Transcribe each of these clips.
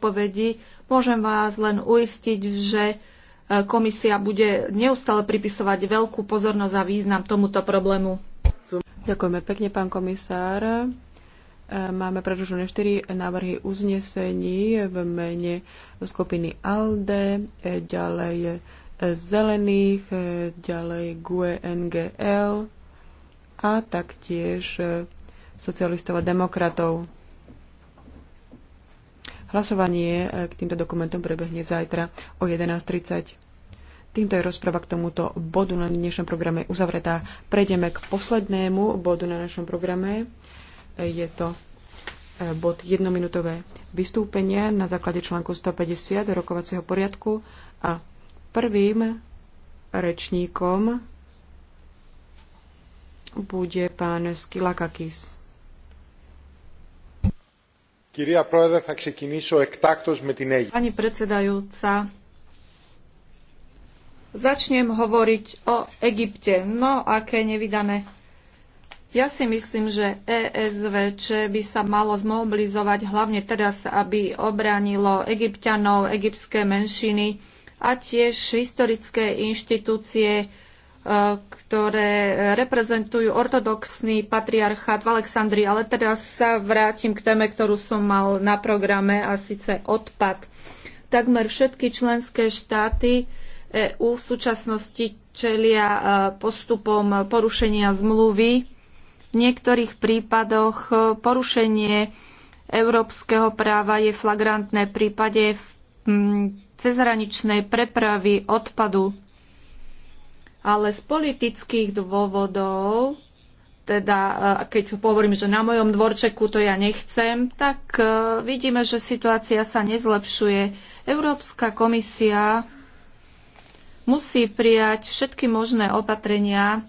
odpovedi. Môžem vás len uistiť, že e, komisia bude neustále pripisovať veľkú pozornosť a význam tomuto problému. Ďakujeme pekne, pán komisár. E, máme predložené štyri návrhy uznesení v mene skupiny ALDE, e, ďalej zelených, ďalej GUE NGL a taktiež socialistov a demokratov. Hlasovanie e, k týmto dokumentom prebehne zajtra o 11.30. Týmto je rozprava k tomuto bodu na dnešnom programe uzavretá. Prejdeme k poslednému bodu na našom programe. E, je to e, bod jednominútové vystúpenie na základe článku 150 rokovacieho poriadku a prvým rečníkom bude pán Skilakakis. Pani predsedajúca, začnem hovoriť o Egypte. No, aké nevydané. Ja si myslím, že ESVČ by sa malo zmobilizovať hlavne teraz, aby obránilo egyptianov, egyptské menšiny a tiež historické inštitúcie, ktoré reprezentujú ortodoxný patriarchát v Alexandrii. Ale teraz sa vrátim k téme, ktorú som mal na programe, a síce odpad. Takmer všetky členské štáty EU v súčasnosti čelia e, postupom porušenia zmluvy. V niektorých prípadoch e, porušenie európskeho práva je flagrantné v prípade cezhraničnej prepravy odpadu ale z politických dôvodov, teda e, keď hovorím, že na mojom dvorčeku to ja nechcem, tak e, vidíme, že situácia sa nezlepšuje. Európska komisia musí prijať všetky možné opatrenia,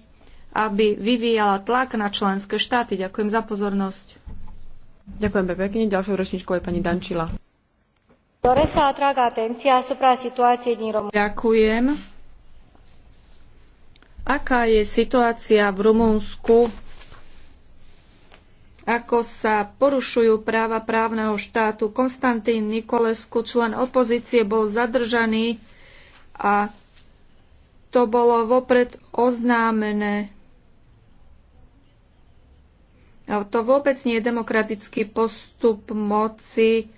aby vyvíjala tlak na členské štáty. Ďakujem za pozornosť. Ďakujem pekne. Ďalšou ročníčkou je pani Dančila. Ďakujem. Aká je situácia v Rumunsku? Ako sa porušujú práva právneho štátu? Konstantín Nikolesku, člen opozície, bol zadržaný a to bolo vopred oznámené. To vôbec nie je demokratický postup moci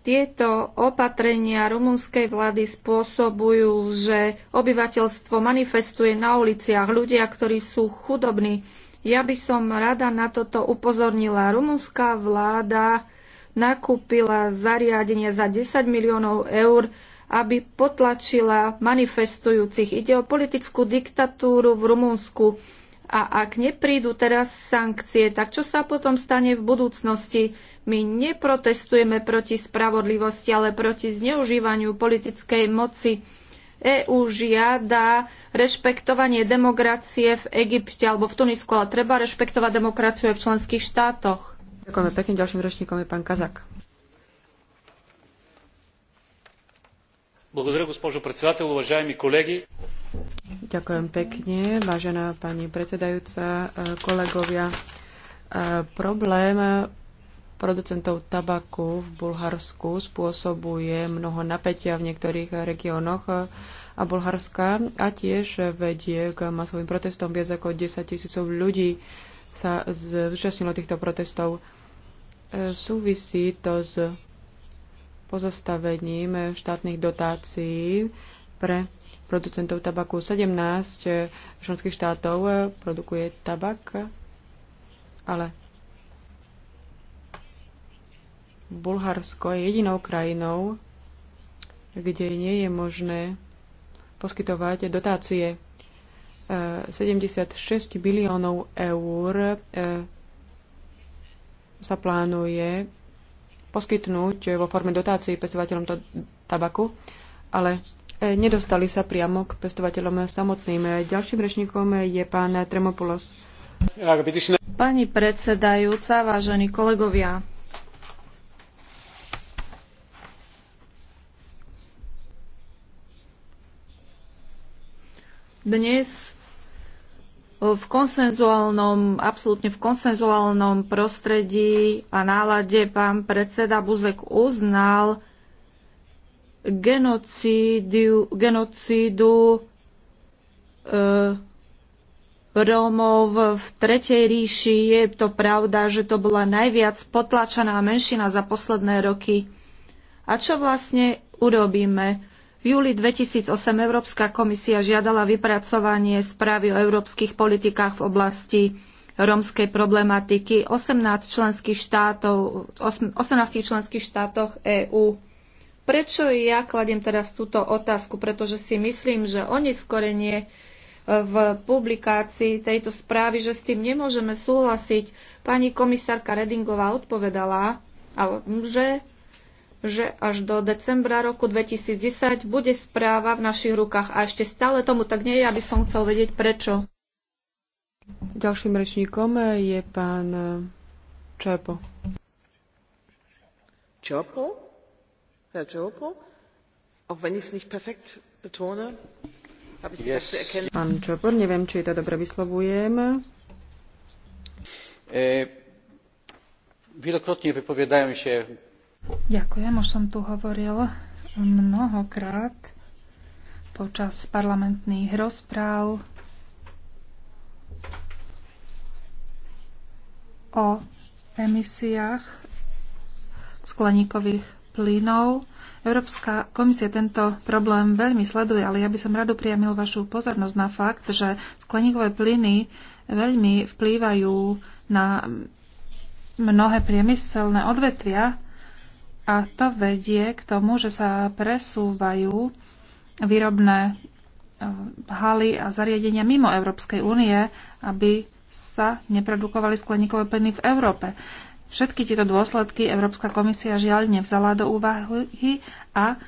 tieto opatrenia rumunskej vlády spôsobujú, že obyvateľstvo manifestuje na uliciach ľudia, ktorí sú chudobní. Ja by som rada na toto upozornila. Rumunská vláda nakúpila zariadenie za 10 miliónov eur, aby potlačila manifestujúcich. Ide o politickú diktatúru v Rumunsku. A ak neprídu teraz sankcie, tak čo sa potom stane v budúcnosti? My neprotestujeme proti spravodlivosti, ale proti zneužívaniu politickej moci. EU žiada rešpektovanie demokracie v Egypte alebo v Tunisku, ale treba rešpektovať demokraciu aj v členských štátoch. Ďakujeme pekne. Ďalším rečníkom je pán Kazak. Благодаря, госпожо председател. Уважаеми колеги, Ďakujem pekne, vážená pani predsedajúca, e, kolegovia. E, problém producentov tabaku v Bulharsku spôsobuje mnoho napätia v niektorých regiónoch e, a Bulharska a tiež vedie k masovým protestom. Viac ako 10 tisícov ľudí sa zúčastnilo týchto protestov. Súvisí to s pozastavením štátnych dotácií pre producentov tabaku. 17 eh, členských štátov eh, produkuje tabak, ale Bulharsko je jedinou krajinou, kde nie je možné poskytovať dotácie. 76 eh, biliónov eur sa plánuje poskytnúť vo forme dotácií pestovateľom tabaku, ale nedostali sa priamo k pestovateľom samotným. Ďalším rečníkom je pán Tremopulos. Pani predsedajúca, vážení kolegovia, dnes v konsenzuálnom, absolútne v konsenzuálnom prostredí a nálade pán predseda Buzek uznal, genocídu, genocídu e, Rómov v Tretej ríši. Je to pravda, že to bola najviac potlačená menšina za posledné roky. A čo vlastne urobíme? V júli 2008 Európska komisia žiadala vypracovanie správy o európskych politikách v oblasti rómskej problematiky 18 členských štátov, 18 členských štátoch EÚ. Prečo ja kladiem teraz túto otázku? Pretože si myslím, že oneskorenie e, v publikácii tejto správy, že s tým nemôžeme súhlasiť. Pani komisárka Redingová odpovedala, že, že až do decembra roku 2010 bude správa v našich rukách. A ešte stále tomu tak nie je, aby som chcel vedieť prečo. Ďalším rečníkom je pán Čepo. Čopo? Herr Joko, auch wenn ich es nicht perfekt betone, habe ich yes. erkennen. Pán Čopor, neviem, či to dobre vyslovujem. E, wielokrotnie wypowiadają się... Ďakujem, už som tu hovoril mnohokrát počas parlamentných rozpráv o emisiách skleníkových plynov. Európska komisia tento problém veľmi sleduje, ale ja by som rado priamil vašu pozornosť na fakt, že skleníkové plyny veľmi vplývajú na mnohé priemyselné odvetvia a to vedie k tomu, že sa presúvajú výrobné eh, haly a zariadenia mimo Európskej únie, aby sa neprodukovali skleníkové plyny v Európe. Všetky tieto dôsledky Európska komisia žiaľ nevzala do úvahy a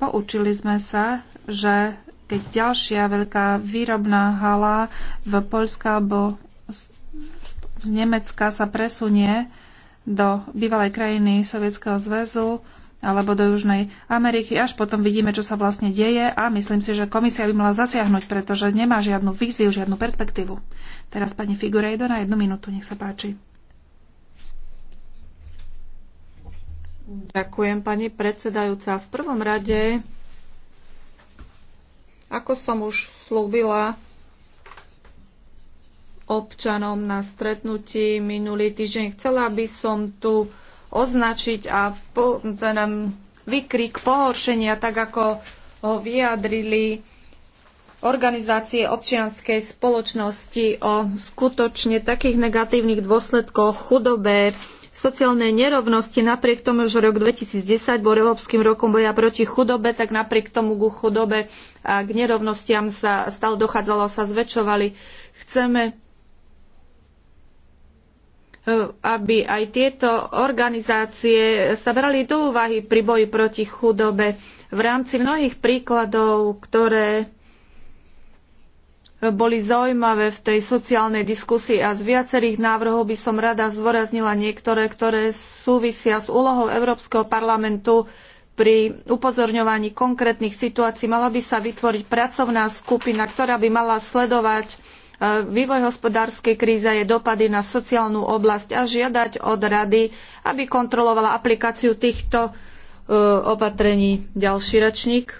poučili sme sa, že keď ďalšia veľká výrobná hala v Poľska alebo z Nemecka sa presunie do bývalej krajiny Sovietskeho zväzu alebo do Južnej Ameriky. Až potom vidíme, čo sa vlastne deje a myslím si, že komisia by mala zasiahnuť, pretože nemá žiadnu víziu, žiadnu perspektívu. Teraz pani Figurejdo na jednu minútu, nech sa páči. Ďakujem, pani predsedajúca. V prvom rade, ako som už slúbila občanom na stretnutí minulý týždeň, chcela by som tu označiť a po, teda vykrik pohoršenia, tak ako ho vyjadrili organizácie občianskej spoločnosti o skutočne takých negatívnych dôsledkoch chudobe, sociálnej nerovnosti, napriek tomu, že rok 2010 bol Európskym rokom boja proti chudobe, tak napriek tomu ku chudobe a k nerovnostiam sa stále dochádzalo, sa zväčšovali. Chceme e, aby aj tieto organizácie sa brali do úvahy pri boji proti chudobe v rámci mnohých príkladov, ktoré boli zaujímavé v tej sociálnej diskusii a z viacerých návrhov by som rada zdôraznila niektoré, ktoré súvisia s úlohou Európskeho parlamentu pri upozorňovaní konkrétnych situácií. Mala by sa vytvoriť pracovná skupina, ktorá by mala sledovať e, vývoj hospodárskej kríze je dopady na sociálnu oblasť a žiadať od rady, aby kontrolovala aplikáciu týchto e, opatrení. Ďalší rečník.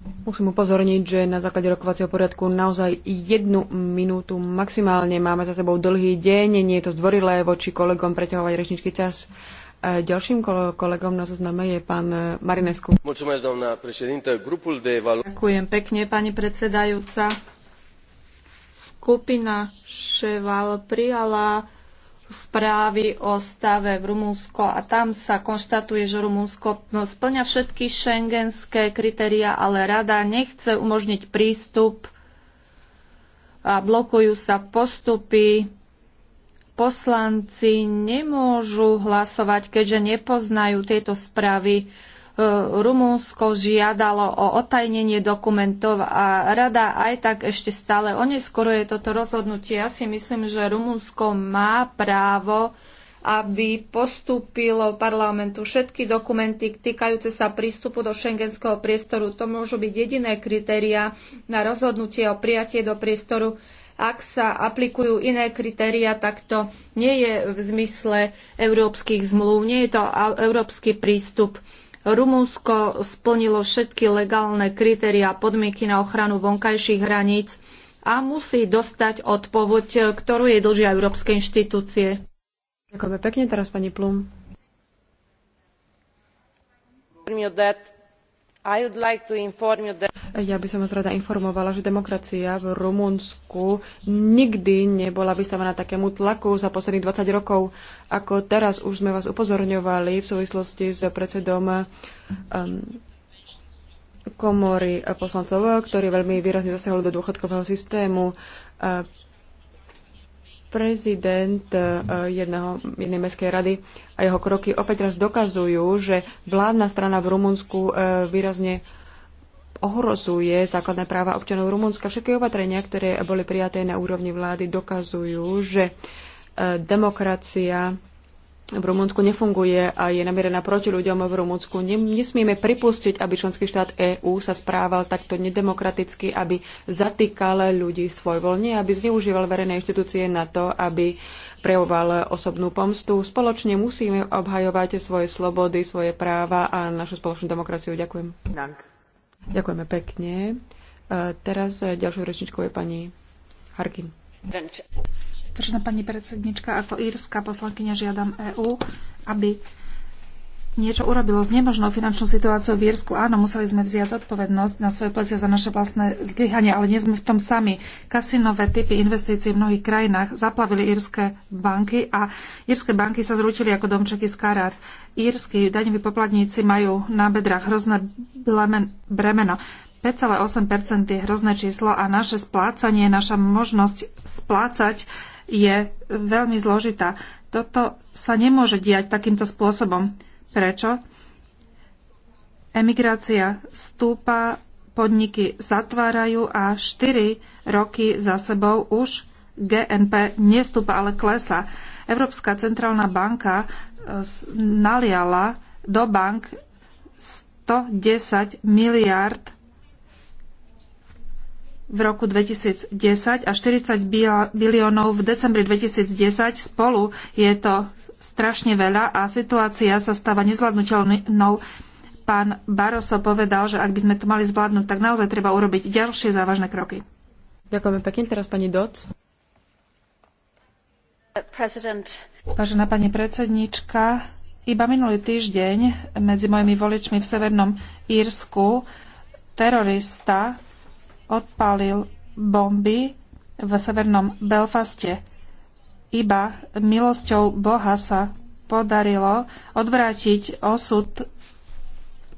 Musím upozorniť, že na základe rokovacieho poriadku naozaj jednu minútu maximálne máme za sebou dlhý deň. Nie je to zdvorilé voči kolegom preťahovať rečničky čas. E, ďalším kolegom na zozname je pán e, Marinescu. Ďakujem pekne, pani predsedajúca. Skupina Ševal prijala správy o stave v Rumúnsko a tam sa konštatuje, že Rumúnsko splňa všetky šengenské kritéria, ale rada nechce umožniť prístup a blokujú sa postupy. Poslanci nemôžu hlasovať, keďže nepoznajú tieto správy Rumúnsko žiadalo o otajnenie dokumentov a rada aj tak ešte stále je toto rozhodnutie. Ja si myslím, že Rumúnsko má právo aby postúpilo parlamentu všetky dokumenty týkajúce sa prístupu do šengenského priestoru. To môžu byť jediné kritéria na rozhodnutie o prijatie do priestoru. Ak sa aplikujú iné kritéria, tak to nie je v zmysle európskych zmluv, nie je to európsky prístup. Rumunsko splnilo všetky legálne kritéria a podmienky na ochranu vonkajších hraníc a musí dostať odpoveď, ktorú jej dlžia európske inštitúcie. Ďakujeme pekne. Teraz pani Plum. I would like to inform you that ja by som vás rada informovala, že demokracia v Rumunsku nikdy nebola vystavená takému tlaku za posledných 20 rokov, ako teraz už sme vás upozorňovali v súvislosti s predsedom um, komory poslancov, ktorý veľmi výrazne zasahol do dôchodkového systému. Prezident e, jedného, jednej mestskej rady a jeho kroky opäť raz dokazujú, že vládna strana v Rumunsku e, výrazne ohrozuje základné práva občanov Rumunska. Všetky opatrenia, ktoré boli prijaté na úrovni vlády, dokazujú, že e, demokracia v Rumunsku nefunguje a je namierená proti ľuďom v Rumunsku. Nesmieme pripustiť, aby členský štát EÚ sa správal takto nedemokraticky, aby zatýkal ľudí svoj voľne, aby zneužíval verejné inštitúcie na to, aby prejavoval osobnú pomstu. Spoločne musíme obhajovať svoje slobody, svoje práva a našu spoločnú demokraciu. Ďakujem. Dank. Ďakujeme pekne. E, teraz e, ďalšou rečničkou je pani Harkin. Vážená pani predsednička, ako írska poslankyňa žiadam EÚ, aby niečo urobilo s nemožnou finančnou situáciou v Írsku. Áno, museli sme vziať zodpovednosť na svoje plecia za naše vlastné zlyhanie, ale nie sme v tom sami. Kasinové typy investícií v mnohých krajinách zaplavili írske banky a írske banky sa zrútili ako domčeky z karát. Írsky daňoví poplatníci majú na bedrách hrozné bremeno. 5,8% je hrozné číslo a naše splácanie, naša možnosť splácať je veľmi zložitá. Toto sa nemôže diať takýmto spôsobom. Prečo? Emigrácia stúpa, podniky zatvárajú a 4 roky za sebou už GNP nestúpa, ale klesa. Európska centrálna banka e, naliala do bank 110 miliard v roku 2010 a 40 biliónov v decembri 2010 spolu je to strašne veľa a situácia sa stáva nezvládnutelnou. Pán Baroso povedal, že ak by sme to mali zvládnuť, tak naozaj treba urobiť ďalšie závažné kroky. Ďakujeme pekne. Teraz pani Doc. Vážená pani predsednička, iba minulý týždeň medzi mojimi voličmi v Severnom Írsku terorista odpálil bomby v severnom Belfaste. Iba milosťou Boha sa podarilo odvrátiť osud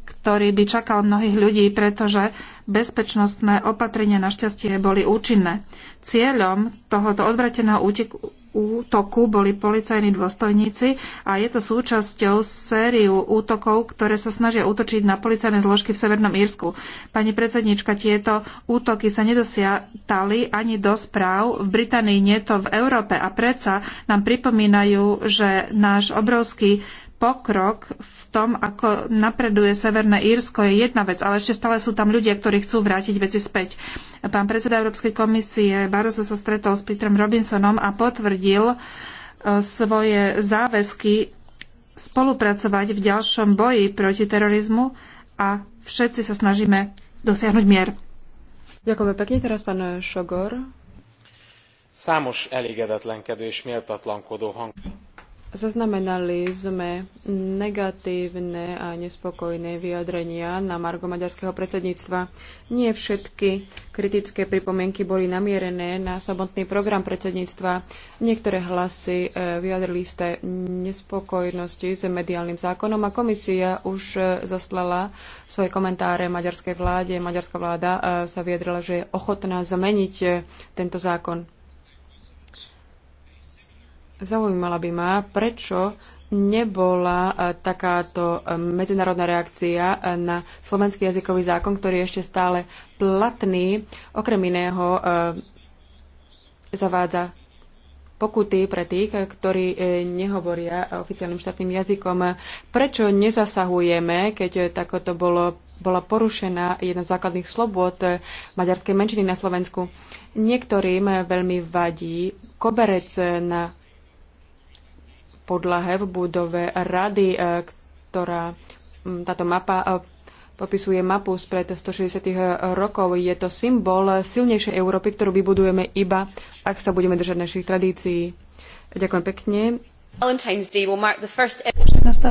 ktorý by čakal mnohých ľudí, pretože bezpečnostné opatrenia našťastie boli účinné. Cieľom tohoto odvrateného útoku boli policajní dôstojníci a je to súčasťou sériu útokov, ktoré sa snažia útočiť na policajné zložky v Severnom Írsku. Pani predsednička, tieto útoky sa nedosiatali ani do správ. V Británii nie to v Európe a predsa nám pripomínajú, že náš obrovský pokrok v tom, ako napreduje Severné Írsko, je jedna vec, ale ešte stále sú tam ľudia, ktorí chcú vrátiť veci späť. Pán predseda Európskej komisie Barroso sa stretol s Peterom Robinsonom a potvrdil e, svoje záväzky spolupracovať v ďalšom boji proti terorizmu a všetci sa snažíme dosiahnuť mier. Ďakujeme pekne. Teraz pán Šogor. Számos elégedetlenkedő és méltatlankodó hang. Zaznamenali sme negatívne a nespokojné vyjadrenia na margo maďarského predsedníctva. Nie všetky kritické pripomienky boli namierené na samotný program predsedníctva. Niektoré hlasy e, vyjadrili ste nespokojnosti s mediálnym zákonom a komisia už e, zaslala svoje komentáre maďarskej vláde. Maďarská vláda e, sa vyjadrila, že je ochotná zmeniť tento zákon. Zaujímala by ma, prečo nebola e, takáto e, medzinárodná reakcia e, na slovenský jazykový zákon, ktorý je ešte stále platný. Okrem iného zavádza pokuty pre tých, ktorí nehovoria oficiálnym štátnym jazykom. Prečo nezasahujeme, keď takoto bolo, bola porušená jedna z základných slobod maďarskej menšiny na Slovensku? Niektorým veľmi vadí koberec na podlahe v budove rady, e, ktorá táto mapa e, popisuje mapu spred 160 e, rokov. Je to symbol silnejšej Európy, ktorú vybudujeme iba, ak sa budeme držať našich tradícií. Ďakujem pekne. 14.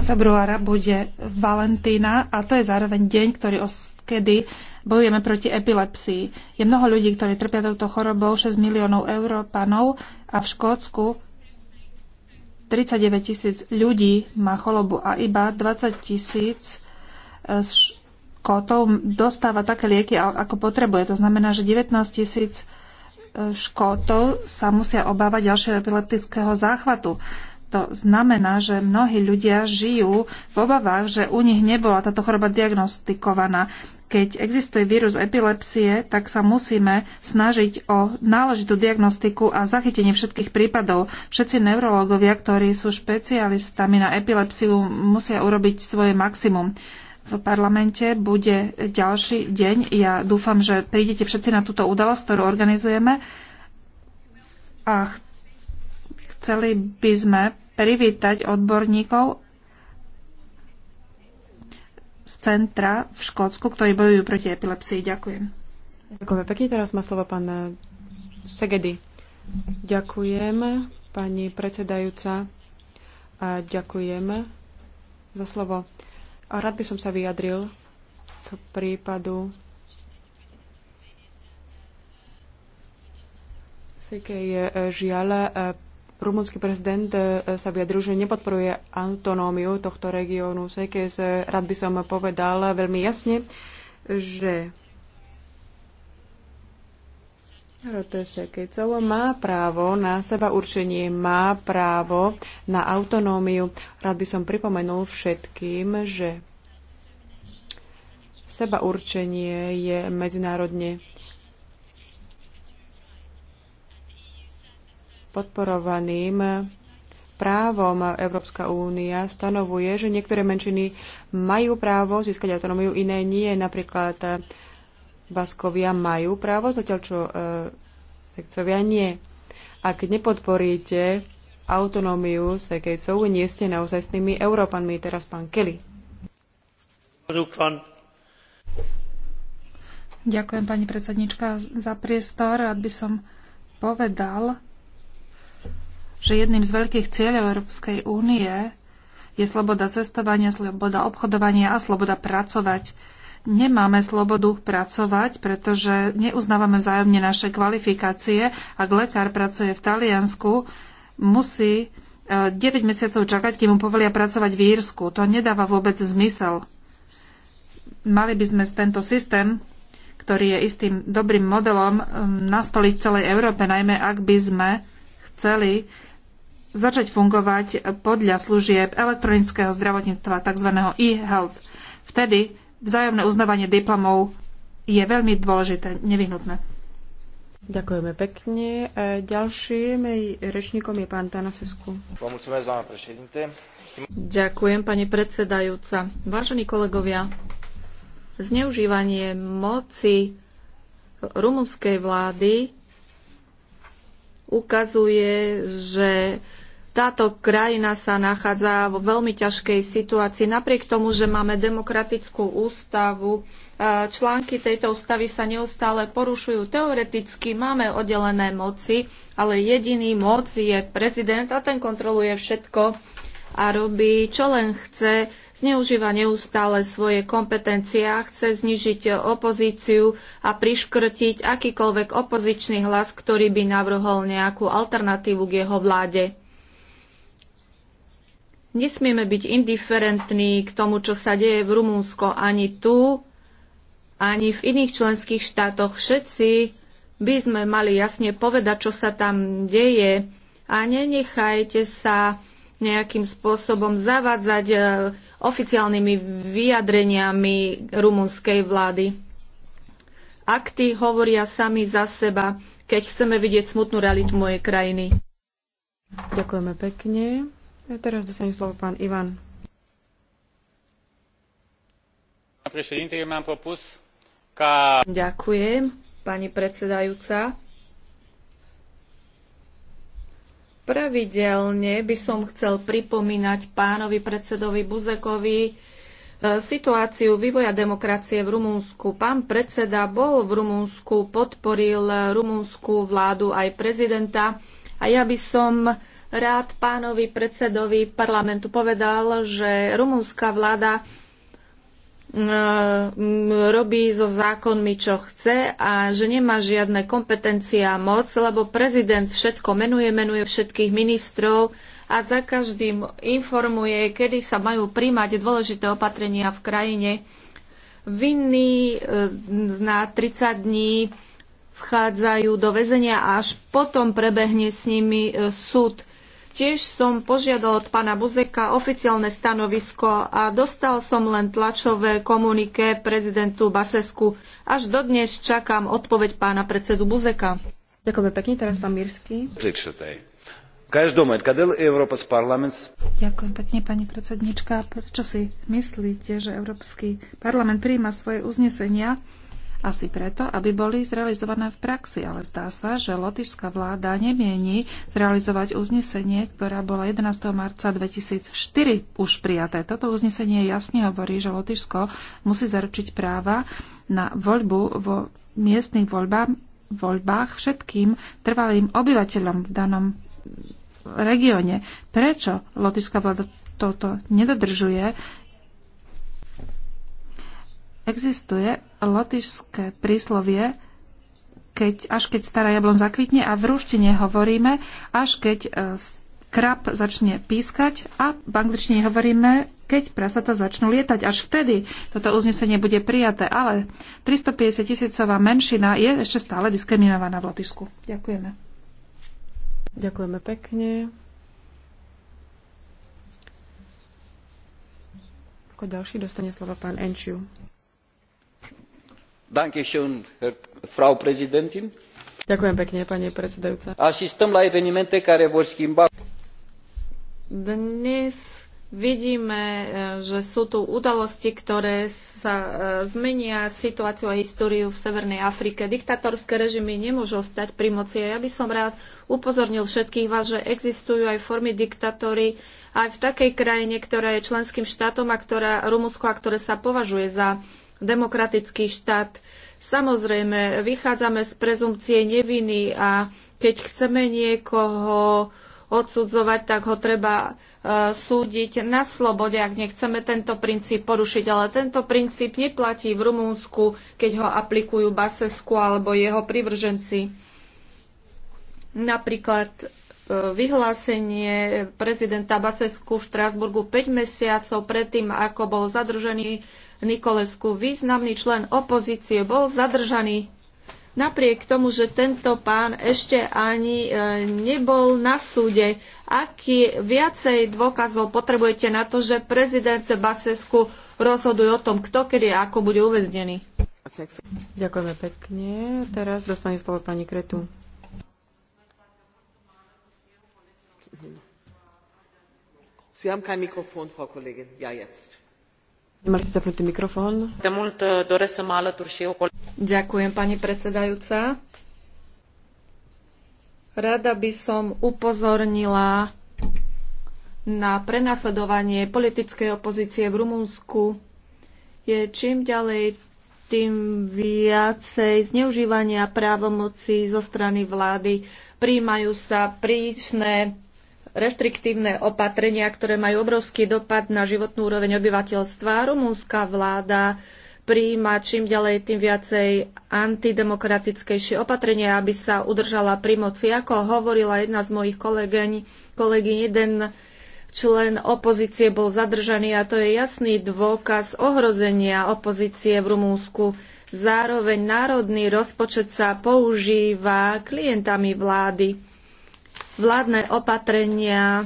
februára bude Valentína a to je zároveň deň, ktorý oskedy kedy bojujeme proti epilepsii. Je mnoho ľudí, ktorí trpia touto chorobou, 6 miliónov Európanov a v Škótsku 39 tisíc ľudí má chorobu a iba 20 tisíc e, škótov dostáva také lieky, ako potrebuje. To znamená, že 19 tisíc e, škótov sa musia obávať ďalšieho epileptického záchvatu. To znamená, že mnohí ľudia žijú v obavách, že u nich nebola táto choroba diagnostikovaná keď existuje vírus epilepsie, tak sa musíme snažiť o náležitú diagnostiku a zachytenie všetkých prípadov. Všetci neurológovia, ktorí sú špecialistami na epilepsiu, musia urobiť svoje maximum. V parlamente bude ďalší deň. Ja dúfam, že prídete všetci na túto udalosť, ktorú organizujeme. A chceli by sme privítať odborníkov centra v Škótsku, ktorí bojujú proti epilepsii. Ďakujem. Ďakujem pekne. Teraz má slovo pán eh, Segedy. Ďakujem, pani predsedajúca. A ďakujem za slovo. A rád by som sa vyjadril k prípadu Sikej eh, Žiala eh, Rumunský prezident e, sa vyjadril, že nepodporuje autonómiu tohto regiónu Sekes. E, rád by som povedal veľmi jasne, že Sekecov má právo na seba určenie, má právo na autonómiu. Rád by som pripomenul všetkým, že seba určenie je medzinárodne podporovaným právom Európska únia stanovuje, že niektoré menšiny majú právo získať autonómiu, iné nie. Napríklad eh, Baskovia majú právo, zatiaľ čo e, eh, sekcovia nie. Ak nepodporíte autonómiu sekejcov, nie ste naozaj s tými Európanmi. Teraz pán Kelly. Ďakujem, pani predsednička, za priestor. Rád by som povedal, že jedným z veľkých cieľov Európskej únie je sloboda cestovania, sloboda obchodovania a sloboda pracovať. Nemáme slobodu pracovať, pretože neuznávame vzájomne naše kvalifikácie. Ak lekár pracuje v Taliansku, musí 9 e, mesiacov čakať, kým mu povolia pracovať v Írsku. To nedáva vôbec zmysel. Mali by sme tento systém, ktorý je istým dobrým modelom, e, nastoliť celej Európe, najmä ak by sme chceli začať fungovať podľa služieb elektronického zdravotníctva, tzv. e-health. Vtedy vzájomné uznávanie diplomov je veľmi dôležité, nevyhnutné. Ďakujeme pekne. E, ďalším rečníkom je pán Sesku. Ďakujem, pani predsedajúca. Vážení kolegovia, zneužívanie moci rumunskej vlády ukazuje, že táto krajina sa nachádza vo veľmi ťažkej situácii. Napriek tomu, že máme demokratickú ústavu, e, články tejto ústavy sa neustále porušujú. Teoreticky máme oddelené moci, ale jediný moc je prezident a ten kontroluje všetko a robí, čo len chce, zneužíva neustále svoje kompetencie a chce znižiť opozíciu a priškrtiť akýkoľvek opozičný hlas, ktorý by navrhol nejakú alternatívu k jeho vláde. Nesmieme byť indiferentní k tomu, čo sa deje v Rumúnsko ani tu, ani v iných členských štátoch. Všetci by sme mali jasne povedať, čo sa tam deje a nenechajte sa nejakým spôsobom zavádzať e, oficiálnymi vyjadreniami rumunskej vlády. Akty hovoria sami za seba, keď chceme vidieť smutnú realitu mojej krajiny. Ďakujeme pekne. Teraz dostane slovo pán Ivan. Ďakujem, pani predsedajúca. Pravidelne by som chcel pripomínať pánovi predsedovi Buzekovi e, situáciu vývoja demokracie v Rumunsku. Pán predseda bol v Rumunsku, podporil rumunskú vládu aj prezidenta a ja by som rád pánovi predsedovi parlamentu povedal, že rumúnska vláda mm, mm, robí so zákonmi, čo chce a že nemá žiadne kompetencie a moc, lebo prezident všetko menuje, menuje všetkých ministrov a za každým informuje, kedy sa majú príjmať dôležité opatrenia v krajine. Vinní mm, na 30 dní vchádzajú do väzenia a až potom prebehne s nimi e, súd. Tiež som požiadal od pána Buzeka oficiálne stanovisko a dostal som len tlačové komuniké prezidentu Basesku. Až dodnes čakám odpoveď pána predsedu Buzeka. Ďakujem pekne, teraz pán Mirsky. Ďakujem pekne, pani predsednička. Prečo si myslíte, že Európsky parlament príjma svoje uznesenia asi preto, aby boli zrealizované v praxi, ale zdá sa, že lotišská vláda nemieni zrealizovať uznesenie, ktorá bola 11. marca 2004 už prijaté. Toto uznesenie jasne hovorí, že Lotyšsko musí zaručiť práva na voľbu vo miestnych voľbách, voľbách všetkým trvalým obyvateľom v danom regióne. Prečo lotyšská vláda toto nedodržuje, Existuje lotyšské príslovie, keď, až keď stará jablon zakvitne a v ruštine hovoríme, až keď e, krab začne pískať a v angličtine hovoríme, keď prasata začnú lietať. Až vtedy toto uznesenie bude prijaté, ale 350 tisícová menšina je ešte stále diskriminovaná v Latišsku. Ďakujeme. Ďakujeme pekne. Ako ďalší dostane slovo pán Enčiu. Ďakujem pekne, pani predsedajúca. Asistăm la evenimente care vor schimba... Dnes vidíme, e, že sú tu udalosti, ktoré sa e, zmenia situáciu a históriu v Severnej Afrike. Diktatorské režimy nemôžu ostať pri moci. A ja by som rád upozornil všetkých vás, že existujú aj formy diktatóry aj v takej krajine, ktorá je členským štátom a ktorá Rumunsko a ktoré sa považuje za demokratický štát. Samozrejme, vychádzame z prezumcie neviny a keď chceme niekoho odsudzovať, tak ho treba e, súdiť na slobode, ak nechceme tento princíp porušiť. Ale tento princíp neplatí v Rumunsku, keď ho aplikujú Basesku alebo jeho privrženci. Napríklad e, vyhlásenie prezidenta Basesku v Štrásburgu 5 mesiacov predtým, ako bol zadržený Nikolesku, významný člen opozície, bol zadržaný napriek tomu, že tento pán ešte ani e, nebol na súde. Aký viacej dôkazov potrebujete na to, že prezident Basesku rozhoduje o tom, kto kedy a ako bude uväznený? Ďakujeme pekne. Teraz dostane slovo pani Kretu. Sie haben kein Mikrofon, Frau Kollegin. Ja, jetzt. Uh, Ďakujem, pani predsedajúca. Rada by som upozornila na prenasledovanie politickej opozície v Rumunsku. Je čím ďalej tým viacej zneužívania právomocí zo strany vlády. Príjmajú sa prísne reštriktívne opatrenia, ktoré majú obrovský dopad na životnú úroveň obyvateľstva. Rumúnska vláda príjima čím ďalej tým viacej antidemokratickejšie opatrenia, aby sa udržala pri moci. Ako hovorila jedna z mojich kolegyň, kolegy, jeden člen opozície bol zadržaný a to je jasný dôkaz ohrozenia opozície v Rumúnsku. Zároveň národný rozpočet sa používa klientami vlády Vládne opatrenia e,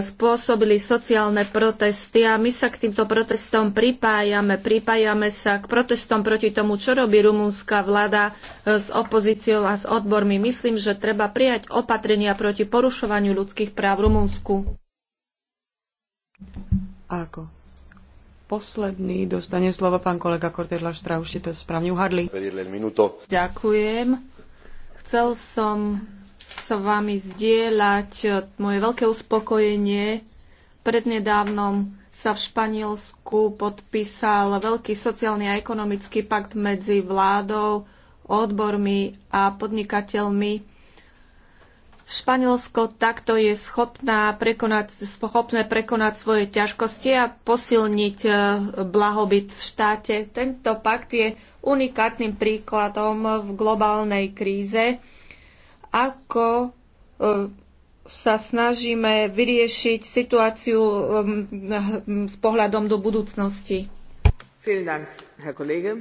spôsobili sociálne protesty a my sa k týmto protestom pripájame. Pripájame sa k protestom proti tomu, čo robí rumúnska vláda e, s opozíciou a s odbormi. Myslím, že treba prijať opatrenia proti porušovaniu ľudských práv v Rumúnsku. Ako? Posledný dostane slovo pán kolega Kortedla Štra, už ste to správne uhadli. Ďakujem. Chcel som s vami zdieľať e, moje veľké uspokojenie. Prednedávnom sa v Španielsku podpísal veľký sociálny a ekonomický pakt medzi vládou, odbormi a podnikateľmi. Španielsko takto je schopná prekonať, schopné prekonať svoje ťažkosti a posilniť e, blahobyt v štáte. Tento pakt je unikátnym príkladom v globálnej kríze ako e, sa snažíme vyriešiť situáciu hm, s pohľadom do budúcnosti.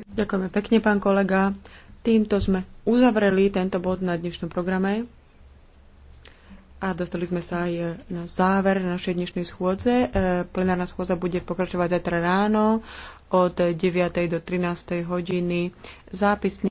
Ďakujeme pekne, pán kolega. Týmto sme uzavreli tento bod na dnešnom programe a dostali sme sa aj na záver našej dnešnej schôdze. E, plenárna schôdza bude pokračovať zajtra ráno od 9. do 13. hodiny. Zápisne.